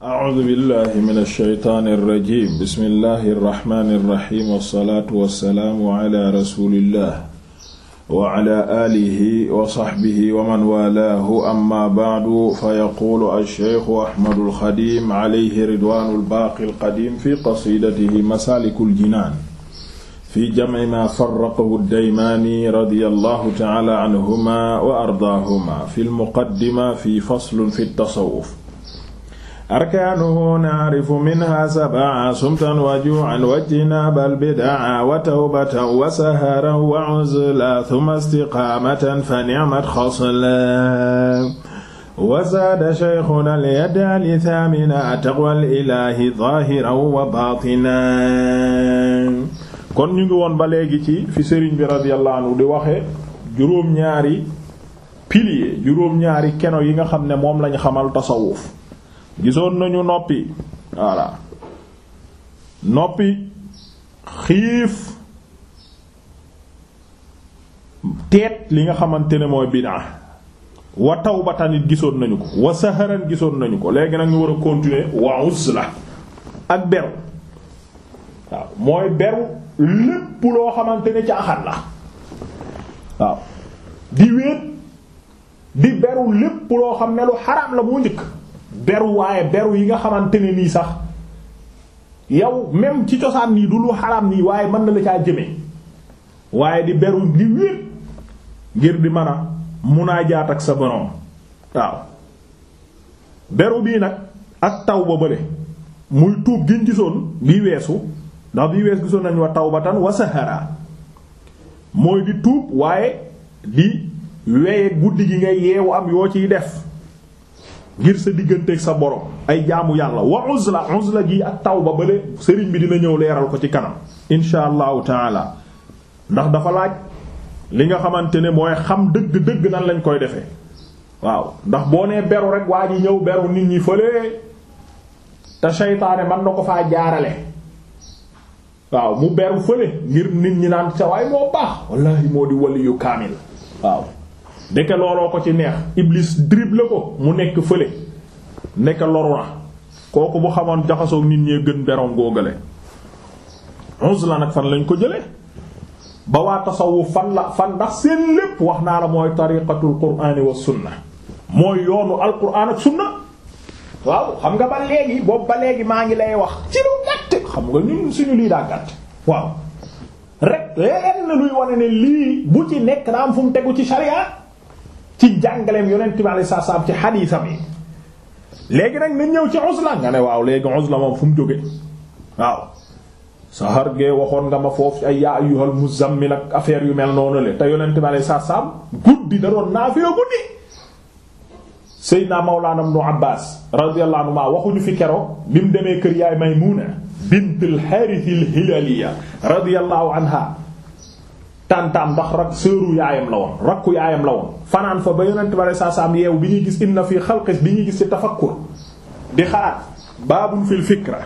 acuudu billahi min alsheytaan alrajim bismillahi arrahmani irrahim wassalaatu wassalaamu ala rasulillah wa ala aalihi wa saxbihi wa man waalaahu amma bacdu fa yaquulu alsheykhu ahmadu alxadim alayhi ridwaanu albaaqi alqadim fi qasidatihi masaaliku aljinaan fi jamci maa faraqahu addaymaani radia allahu taala anhuma wa ardaahuma fi almuqaddima fi faslun fi tasawuf arkaanuhu naarifu minha sabaa sumtan wa juu'an wa jinaabal bidaa wa tawbatan wa saharan wa uzla thumma istiqaamatan fa ni'mat xasla wa zaada shaykhuna al-yada li thamina taqwal ilaahi zaahiran wa baatinan kon ñu ngi woon ba léegi ci fi sëriñ bi radiyallahu anhu di waxe juróom-ñaari pilier juróom-ñaari keno yi nga xam ne moom lañ xamal tasawuf gisoon nañu noppi voilà noppi xiif teet li nga xamante ne mooy bid'a wa tawbatan it gisoon nañu ko wa saharan gisoon nañu ko léegi nag ñu war a continuer wa ak beru waaw mooy beru lépp loo xamante ne caaxaan la waaw di wéet di beru lépp loo xam ne lu xaraam la moo njëkk beru waaye beru yi nga xamante ni nii sax yow même ci cosaan nii du lu xaraam nii waaye mën na la caa jëme waaye di beru di wéet ngir di mën a munaajaat ak sa borom waaw beru bii nag ak taw ba bële muy tuub giñ gisoon bii weesu ndax bii weesu gisoon nañu wa tawbatan wa sahara mooy di tuub waaye di weye guddi gi ngay yeewu am yoo ciy def ngir sa digganteeg sa borom ay jaamu yàlla wa uzla uzla gi ak taw ba bale sëriñ bi dina ñëw leeral ko ci kanam insha allahu taala ndax dafa laaj li nga xamante ne mooy xam dëgg-dëgg nan lañ koy defee waaw ndax boo nee beru rek waa ji ñëw beru nit ñi fële te seytaane man na ko faa jaarale waaw mu beru fële ngir nit ñi naan sa waay moo baax wallahi moo di waliyu kaamil waaw ndeke looloo ko ci neex iblis la ko mu nekk fële ndeke loru na kooku bu xamoon jaxasoog nit ñee gën beroŋ góogale uzla nag fan lañ ko jële ba waa tasawuf fan la fan ndax seen lépp wax naa la mooy tariqatul qur'ani wa sunna mooy yoonu alquran ak sunna waaw xam nga ba léegi boobu ba léegi maa ngi lay wax ci lu gàtt xam nga ñun suñu lii daa gàtt waaw rek lenn luy wane ne lii bu ci nekk daa am fu tegu ci sharia ci jàngaleem yonent bi alayhi salaam ci xadiisam yi léegi nag nañ ñëw ci uzla nga ne waaw léegi uzla moom fu mu jóge waaw sahar gee waxoon nga ma foofu ay yaa ayyuhal muzammil ak affaire yu mel noonu le te yonent bi alayhi salaam guddi da doon naafila guddi Seydina Mawlana Ibnu Abbaas radiyallahu anhu ma waxuñu fi kero bi mu demee kër yaay Maymuna bintul Haaris al-Hilaaliya anha tantaam ndax rak seeru yaayam la woon rakku yaayam la woon fanaan fa ba yonent bi saa saaam yeew bi ñuy gis inna fii xalqi bi ñuy gis ci tafakkur di xalaat baabul fii fikra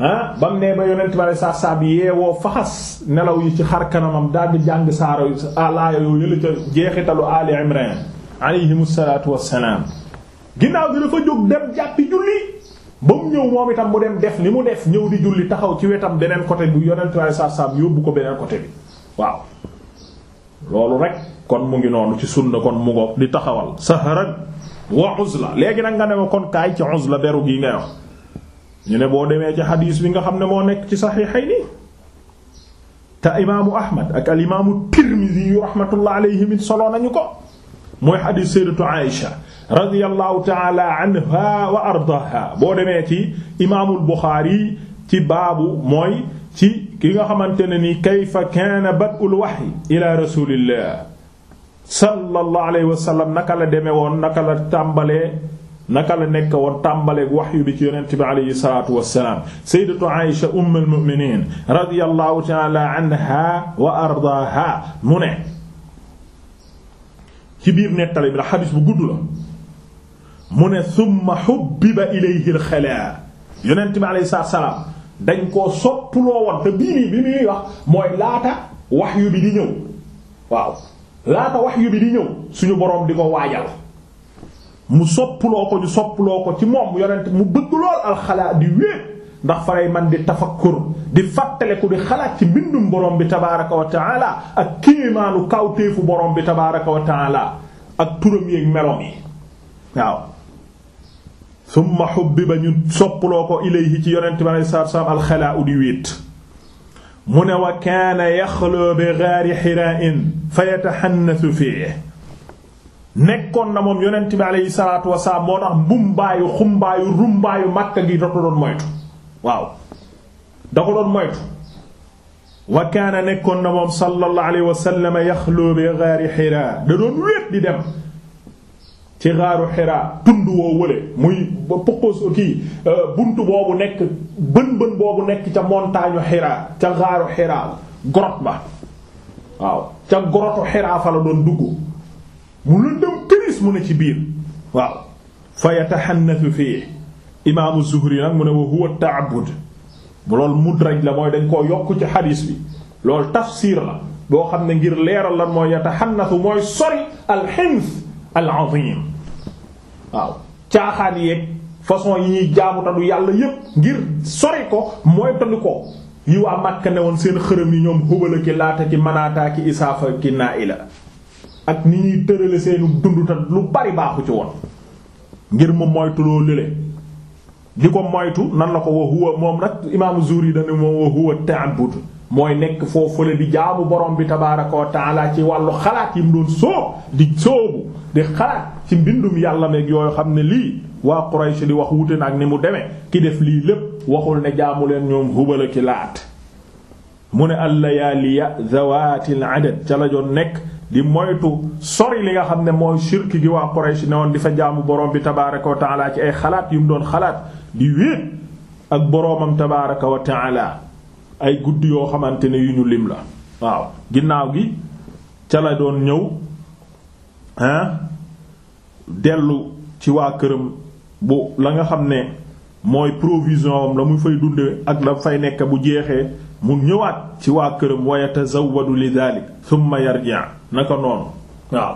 ah ba mu nee ba yonent bi saa saaam yeewoo faxas nelaw yi ci xar kanamam daal di jàng saaro laaya yoo yëla ca jeexitalu ali imran alayhim salaatu wassalaam ginnaaw gi dafa jóg dem jàppi julli ba mu ñëw moom itam mu dem def li mu def ñëw di julli taxaw ci wetam beneen côté bi yonent bi saa saaam ko beneen côté waaw loolu rek kon mu ngi noonu ci sunna kon mu ngoog di taxawal saharan wa uzla léegi nag nga ne ma kon kaay ci uzla beru gi ngay wax ñu ne boo demee ci xadiis bi nga xam ne moo nekk ci saxiixayni te imaamu ahmad ak al imaamu tirmidi yu rahmatullah alayhim it nañu ko mooy xadiis sayyidatu aïsha radiyallahu taala wa ardaha boo demee ci imaamul buxaari ci baabu mooy ci ki nga xamante ne ni kayfa kaana bad'ul wahyi ila rasulillah sallallahu alayhi wa sallam naka la demee woon naka la tàmbalee naka la nekk woon tàmbaleeg wahyu bi ci yonent bi alayhi salaatu wassalaam sayyidatu Aisha ummul mu'minin radiyallahu ta'ala anha wa ardaaha mu ne ci biir nettali bi la xadis bu gudd la mu ne summa hubbiba ilayhi al-khalaa yonent bi alayhi salaatu wassalaam dañ koo soppuloo woon te bii nii bi muy wax mooy laata wahyu bi di ñëw waaw laata wahyu bi di ñëw suñu boroom di ko waajal mu soppuloo ko ñu soppuloo ko ci moom yonent mu bëgg lool alxalaa di wéet ndax faray man di tafakkur di fàttaleku di xalaat ci mbindum borom bi tabaaraka wa taala ak bi tabaaraka ak turam yeeg meloom waaw summa hubbiba ñu soppaloo ko ilayhi ci yonent bi alayhi salaatu salaam alxalaa u di wéet mu ne wa kaana yaxloo bi gaari xiraa'in fa yataxannasu fiihi nekkoon na moom yonent bi alayhi salaatu wasalaam moo tax mbumbaayu xumbaayu rumbaayu makka gi da ko doon moytu waaw da ko doon moytu wa kaana nekkoon na moom sallallahu alayhi wa sallam yaxloo bi gaari xiraa da doon wéet di dem ci xaaru Hira tund woo wële muy poqos kii euh, buntu boobu nekk bën bën boobu nekk ca montagne Hira ca xaaru Hira grotte ba waaw ca grotte Hira fa la doon dugg mu lëndëm këris mu ne ci biir waaw fa yataxannatu fii imaamu Zuhri nag mu ne wa huwa ta'abbud loolu mudraj la mooy dañ koo yokk ci xadiis bi loolu tafsiir la boo xam ne ngir leeral lan mooy yataxannatu mooy sori alxins al waaw caaxaan yeeg façon yi ñuy jaamu du yàlla yépp ngir sori ko mooy tandi ko yi waa Makka ne woon seen xërëm yi ñoom Hubal ki Laata ki Manaata ki Isaafa ki Naa'ila ak ni ñuy tërale seenu dund ta lu bari baaxu ci woon ngir mu moytu loo lële di ko moytu nan la ko wa huwa moom nag imaamu Zuhri dana moom wa huwa ta'abbud mooy nekk foofule di jaabu borom bi tabaaraka wa ta'ala ci wàllu xalaat yi mu doon sóob di sóobu di xalaat ci mbindum yàlla meeg yooyu xam ne lii waa Quraysh di wax wuute na ak ni mu demee ki def lii lépp waxul ne jaamu leen ñoom hubala ki laat mu ne allayaaliya zawaatil adad ca la joon nekk di moytu sori li nga xam ne mooy shirk gi waa Quraysh ne woon di fa jaamu boroom bi tabaaraka wa taala ci ay xalaat yu mu doon xalaat di wéet ak boroomam tabaaraka wa taala ay guddi yoo xamante ne yu ñu lim la waaw ginnaaw gi ca la doon ñëw dellu ci waa këram bu la nga xam ne mooy provision am la mu fay dunde ak la fay nekk bu jeexee mu ñëwaat ci waa këram wa yatazawwadu li dalik thumma yarji' naka noonu waaw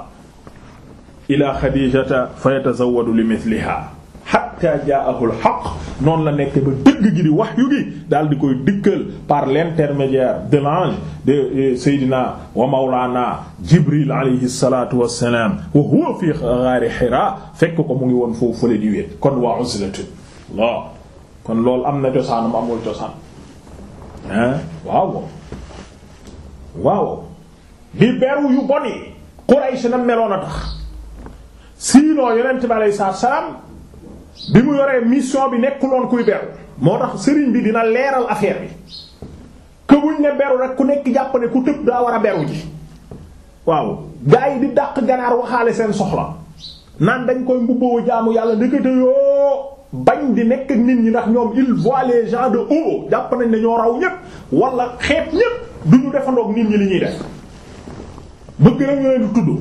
ila xadijata fa yatazawwadu li mithliha hatta jaa'ahul haqq noonu la nekk ba dëgg gi di wax yu gi daal di koy dikkal par l'intermédiaire de l'ange de Seydina wa Mawlana Jibril alayhi salatu wassalam wa huwa fi ghaari Hira fekk ko mu ngi woon foofu fële di wéet kon wa uzlatu waaw kon loolu am na cosaanam amul cosaan ah waaw waaw bi beru yu bon yi Quraysh na meloon a tax sinon yonent bi alayhi salaam bi mu yoree mission bi nekkuloon kuy beru moo tax sëriñ bi dina leeral affaire bi que ne beru rek ku nekk jàpp ku tëb daa war a beru ji waaw gaa yi di dàq ganaar waxaale seen soxla naan dañ koy mbubboo jaamu yàlla ndekete yoo bañ di nekk nit ñi ndax ñoom il voit les de haut jàpp nañ ne ñoo raw ñépp wala xeet ñépp du ñu defandoog nit ñi li ñuy def bëgg na ñu leen tudd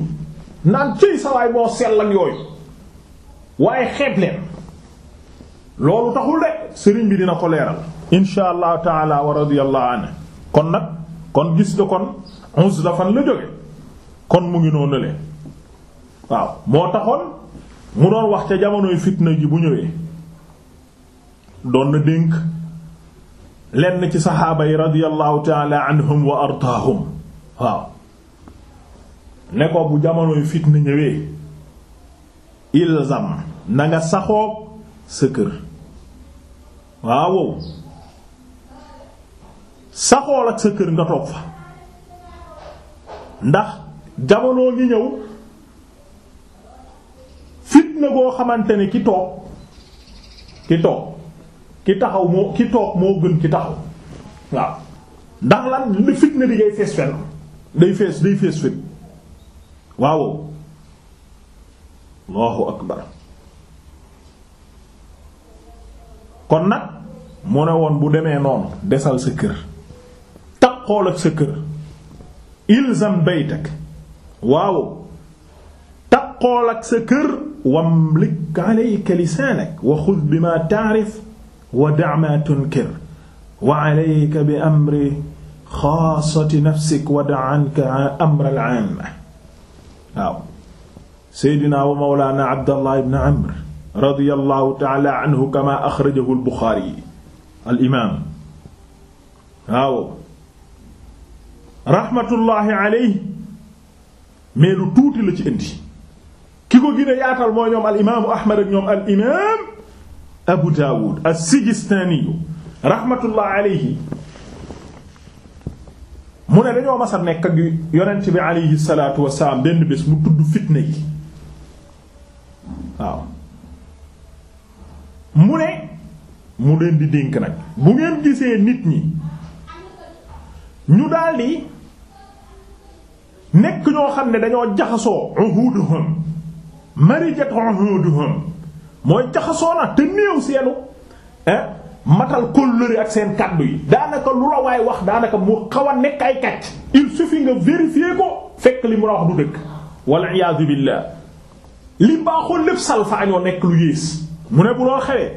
naan ciy sawaay moo sell ak yooyu waaye xeeb leen. loolu taxul de sëriñ bi dina ko leeral insha allahu taala wa radiyallahu anhu kon nag kon gis nga kon onze la la jóge kon mu ngi noonu le waaw moo taxoon mu doon wax ca jamonoy fitna ji bu ñëwee doon na dénk lenn ci saxaaba yi radiyallahu taala anhum wa ardaahum waaw ne bu jamonoy fitna ñëwee ilzam na nga sa kër waaw sa xool ak sa kër nga toog fa ndax jamono ngi ñëw fitna boo xamante ni ki toog ki toog ki taxaw moo ki toog moo gën ki taxaw waaw ndax lan li fitna di fees fenn day fees day fees fit waaw Allahu akbar kon nag mu ne woon bu demee noonu desal sa kër takkool ak sa kër ilzam baytak waaw takkool ak sa kër wamlik alayka lisaanak wa xud bima ta'rif wa da' ma tunkir wa alayka bi amri xaasati nafsik wa da' anka amra al-'aamma waaw Seydina wa Mawlaana Abdallah ibn Amr radiyallahu taala anhu kama axrajahu al buxaari al imaam waaw tuuti la ci indi ki ko gën yaatal mooy ñoom al imaamu ahmad ak ñoom al daawud as-sijistaaniyu rahmatullahi alayhi mu ne dañoo mas a nekk ak bi alayhi salaatu wasalaam benn bés mu tudd fitna mu ne mu leen di dénk nag bu ngeen gisee nit ñi ñu daldi nekk ñoo xam ne dañoo jaxasoo uhuduhum marijat uhuduhum mooy jaxasoo na te néew seenu eh, matal kol kóllëre ak seen kàddu yi daanaka lu la waay wax daanaka mu xaw a nekk ay kàcc il suffit nga vérifier ko fekk li mu la wax du dëkk wal iyaadu billah li baaxoo lépp salfaañoo nekk lu yées mu ne bu loo xewee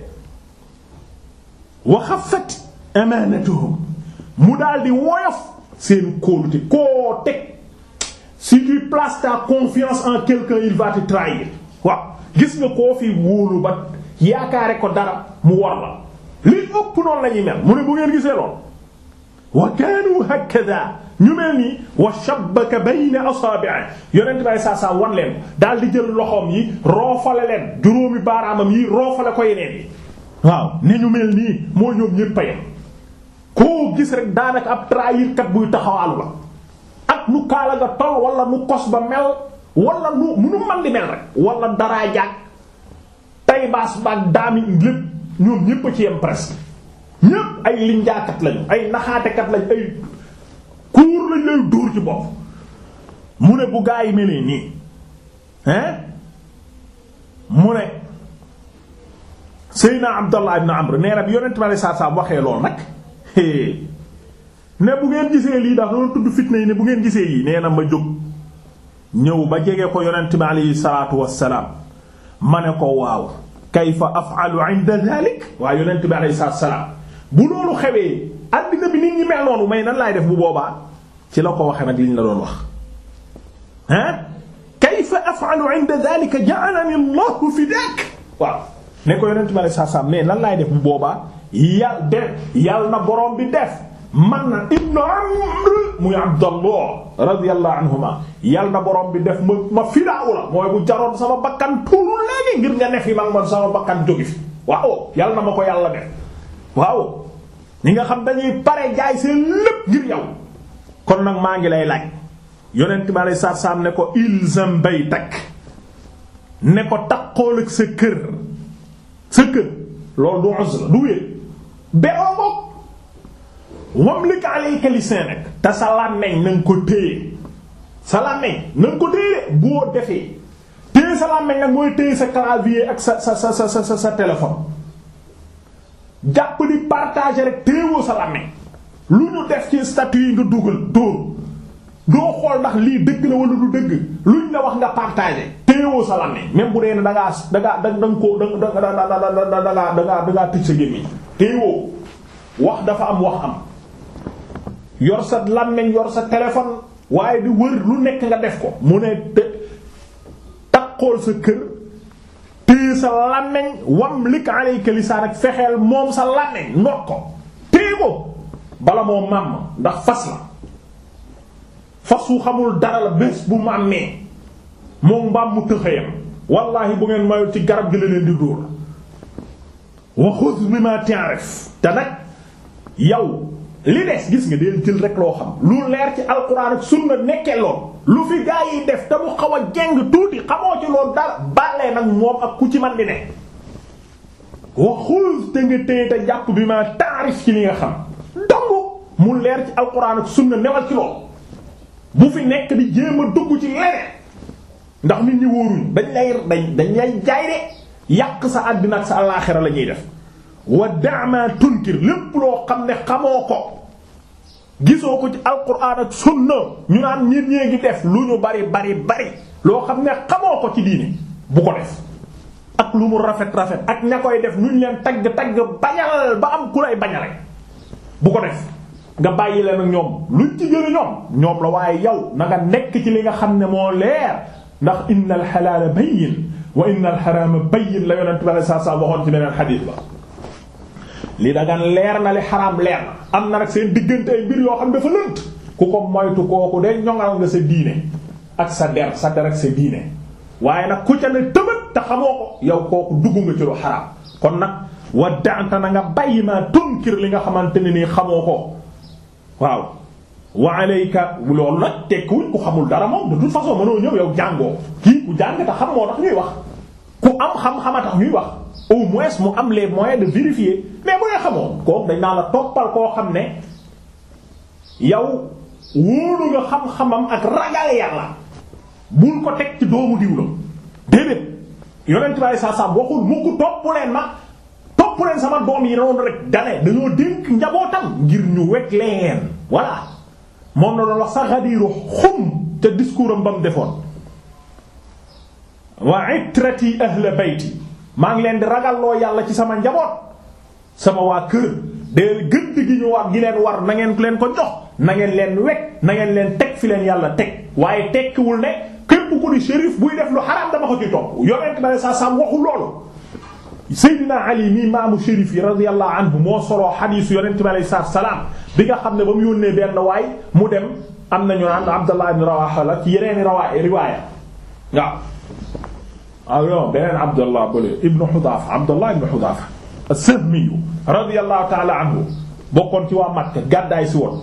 waxafat amanatuhum mu daal di woyof seen kóolute koo teg si tu places confiance en quelqu'un il va te trahir waaw gis nga koo fi wóolu ba yaakaare ko dara mu war la li ëpp noonu la mel mu ne bu gisee lool wa kaanu hakada ñu mel ni wa shabbaka bayna asaabi'i yonent bi saa saa wan leen daal di jël loxoom yi roofale leen juróomi baaraamam yi roofale ko yeneen yi waaw ne ñu mel nii moo ñoom ñépp a yem koo gis rek daanaka ab trahir buy taxawaalu la ak nu kaala nga tol wala nu kos ba mel wala nu munu man di mel rek wala daraa jaag tay baas baag daami lépp ñoom ñépp ci yem presque ñépp ay linjaakat lañu ay naxaatekat lañu ay kuur lañ lay dóor ci bopp mu ne bu gaa yi melee nii hein mu ne Seydina Abdallah ibn Amr nee na bi yonent bi saa saa waxee lool nag ne bu ngeen gisee lii daal loolu tudd fitna yi ne bu ngeen gisee yi nee na ma jóg ñëw ba jege ko yonent bi alayhi salaatu wassalaam ma ne ko waaw kayfa af'alu 'inda dhalik waaye yonent bi alayhi salaatu bu loolu xewee àddina bi ni ñi mel noonu may nan laay def bu boobaa ci la ko waxee nag liñ la doon wax ah kayfa af'alu 'inda dhalika ja'alani Allahu fidak waaw ne ko ma ne saa saa nan laay def bu boobaa yàlla na boroom bi def man na ibnu amr muy abdallah radiyallahu anhuma yàlla na borom bi def ma ma fidaawu la mooy bu jaroon sama bakkan tuuru léegi ngir nga ne fi mag man sama bakkan jógi fi waaw yàlla na ma ko yàlla def waaw ñi nga xam dañuy pare jaay seen lépp ngir yow kon nag maa ngi lay laaj yonent bi alei satu ne ko ilzam baytak ne ko taqool ak sa kër sa kër loolu du uzla du wéet beroo boog wamlik alayka lisanak te sa làmmiñ na ko téye sa làmmiñ na nga ko téye boo defee téye sa làmmiñ nag mooy téye sa clavier ak sa sa sa sa sa téléphone jàpp di partager rek téewoo sa làmmiñ lu ñu def ci statut yi nga dugal dóor doo xool ndax lii dëgg la wala du dëgg luñ la wax nga partagé téewoo sa làmmiñ même bu dee ne da ngaa da ngaa koo da da da da da da ngaa sa gémmiñ téewoo wax dafa am wax am yor sa làmmiñ yor sa téléphone waaye di wër lu nekk nga def ko mu ne takkool sa kër téye sa làmmeñ wam lik alayka lisaan ak fexeel moom sa làmmeñ not ko téye ko bala moo ndax fas la fas wu xamul dara la bés bu màmmee moom mbaam mu tëxëyam wallaahi bu ngeen mayul ci garab gi la leen di dóor wa xuz bima ta'rif te nag yow li des gis nga deel jël rek loo xam lu leer ci alquran ak sunna nekkee lool lu fi gaa yi def te mu xaw a jeng tuuti xamoo ci loolu dara bàllee nag moom ak ku ci man di ne waxul te nga téye te jàpp bi ma taarif ci li nga xam dong mu leer ci alquran ak sunna newal ci lool bu fi nekk di jéem a dugg ci leneen ndax nit ñi wóoruñ dañ lay dañ dañ jaay de yàq sa àddina ak sa alaaxira lañuy def wa dama tunkir lépp loo xam ne xamoo ko gisoo ko ci alquran ak sunna ñu naan nit ñee ngi def lu ñu bari bari bari loo xam ne xamoo ko ci diine bu ko def ak lu mu rafet rafet ak ña koy def ñu leen tagg tagg bañal ba am ku lay bañale bu ko def nga bàyyi leen ak ñoom luñ ci gën a ñoom ñoom la waaye yow na nga nekk ci li nga xam ne moo leer ndax inna al xalaala bayyin wa inna al xaraama la yonent bi sallallahu alayhi waxoon ci beneen xadiis ba li dagan leer na li xaraam leer na am na nag seen diggante ay mbir yoo xam dafa lënt ku ko moytu kooku de ñoŋal nga sa diine ak sa der sa der sa diine waaye nag ku ca ne tëbët te xamoo ko yow kooku dugg nga ci lu xaraam kon nag wa danta na nga bàyyi maa tunkir li nga xamante ne nii xamoo ko waaw wa alayka loolu nag tekkiwuñ ku xamul dara moom de toute façon mënoo ñëw yow jàngoo kii ku jàng te xam moo tax ñuy wax ku am xam-xama tax ñuy wax au moins mu am les moyens de vérifier mais bu nga xamoon kooku dañ naa la toppal koo xam ne yow wóolu nga xam-xamam ak ragale yàlla bul ko teg ci doomu diw la déedéet yonent bi saa saa waxul mu ko ma topp sama doom yi noonu rek dane dañoo dénk njabootam ngir ñu wekk leen voilà moom la doon sa xadiiru xum te discours ba mu defoon wa itrati ahla bayti maa ngi leen di ragalloo yàlla ci sama njaboot sama waa kër dee gëdd gi ñu war gi leen war na ngeen leen ko jox nangeen ngeen leen wekk na ngeen leen teg fi leen yàlla teg waaye tekkiwul ne képp ku di shérif buy def lu xaraam dama ko ci topp yonent bale saa saam waxul loolu Seydina Ali mii maamu shérif yi radiyallahu anhu moo soloo xadiisu yonent bi alei salaatu salaam bi nga xam ne ba mu yónnee benn waay mu dem am nañu naan Abdallah ibn Rawaha la ci yeneeni rawaaya riwaaya waaw ah non beneen Abdallah bële Ibn Hudaafa Abdallah Ibn Hudaafa as-Sahmi radiyallahu ta'ala anhu bokkoon ci waa Makka gàddaay si woon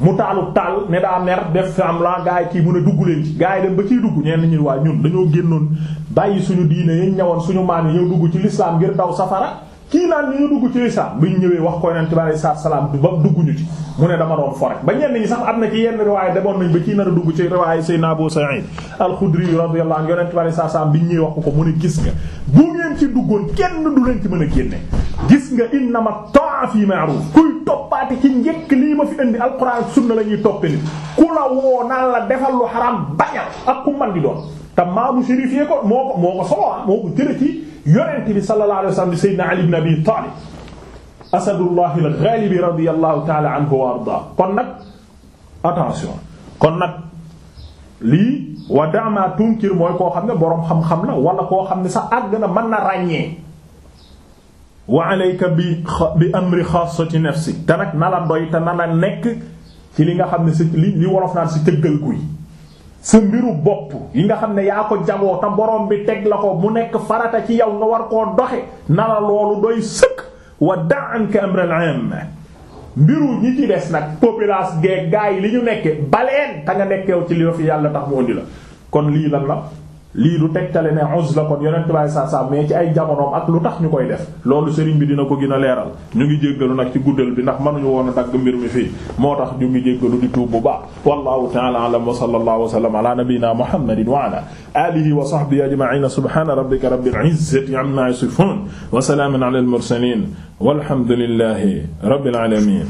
mu taalu taal ne daa mer def fi am la gaa yi kii mun a dugg leen ci gaa yi dem ba ciy dugg ñenn ñi waa ñun dañoo génnoon bàyyi suñu diine yi ñëwoon suñu maam yi ñëw dugg ci lislaam ngir daw safara kii naan ñu dugg ci lislaam bu ñu ñëwee wax ko Yonent bi salaam du ba dugg ñu ci. mu ne dama doon fore ba ñenn ñi sax am na ci yenn riwaay demoon nañ ba ci nar a dugg ci riwaay Seydina Abu Sa'id al-Khudri radiyallahu anhu yonent bari bi ñuy wax ko mu duggoon kenn du leen a gis nga innama ta'a fi ma'ruf kuy toppaati ci njëkk lii ma fi indi alxuraan sunna la ñuy toppe nit ku la woo la defal lu xaraam bañal ku man di te maamu shérif ko moo moo ko solo moo ko jëlee ci yonent bi sallallahu alayhi wasallam Seydina Ali ibn Abi Talib asadullah al-ghalib radiyallahu ta'ala anhu wa arda kon nag attention kon nag lii wa dama tunkir mooy koo xam ne boroom xam-xam la wala koo xam ne sax àgg na mën na ràññee wa alayka bi bi amri xaasati nafsi te nag na la doy te na la nekk ci li nga xam ne si li li wolof naan si tëggal kuy sa mbiru bopp yi nga xam ne yaa ko jagoo te borom bi teg la ko mu nekk farata ci yow nga war koo doxe na la loolu doy sëkk wa da'anka amral 'am mbiru ñi ci des nag populace gee gaa yi li ñu nekke baleen ta nga nekkew ci li fi yàlla tax mu indi la kon lii lan la lii du tegtale ne uzla kon yonent baay saa saa mais ci ay jamonoom ak lu tax ñu koy def loolu sëriñ bi dina ko gën a leeral ñu ngi jéggalu nag ci guddal bi ndax mënuñu woon a dagg mbir mi fii moo tax ñu ngi jéggalu di tuub bu baax wallahu ta'ala a'lam wa sallallahu wa a ala nabiyyina muhammadin wa ala alihi wa sahbihi ajma'in subhana rabbika rabbil izzati amma yasifun wa salamun ala al mursalin walhamdulillahi rabbil alamin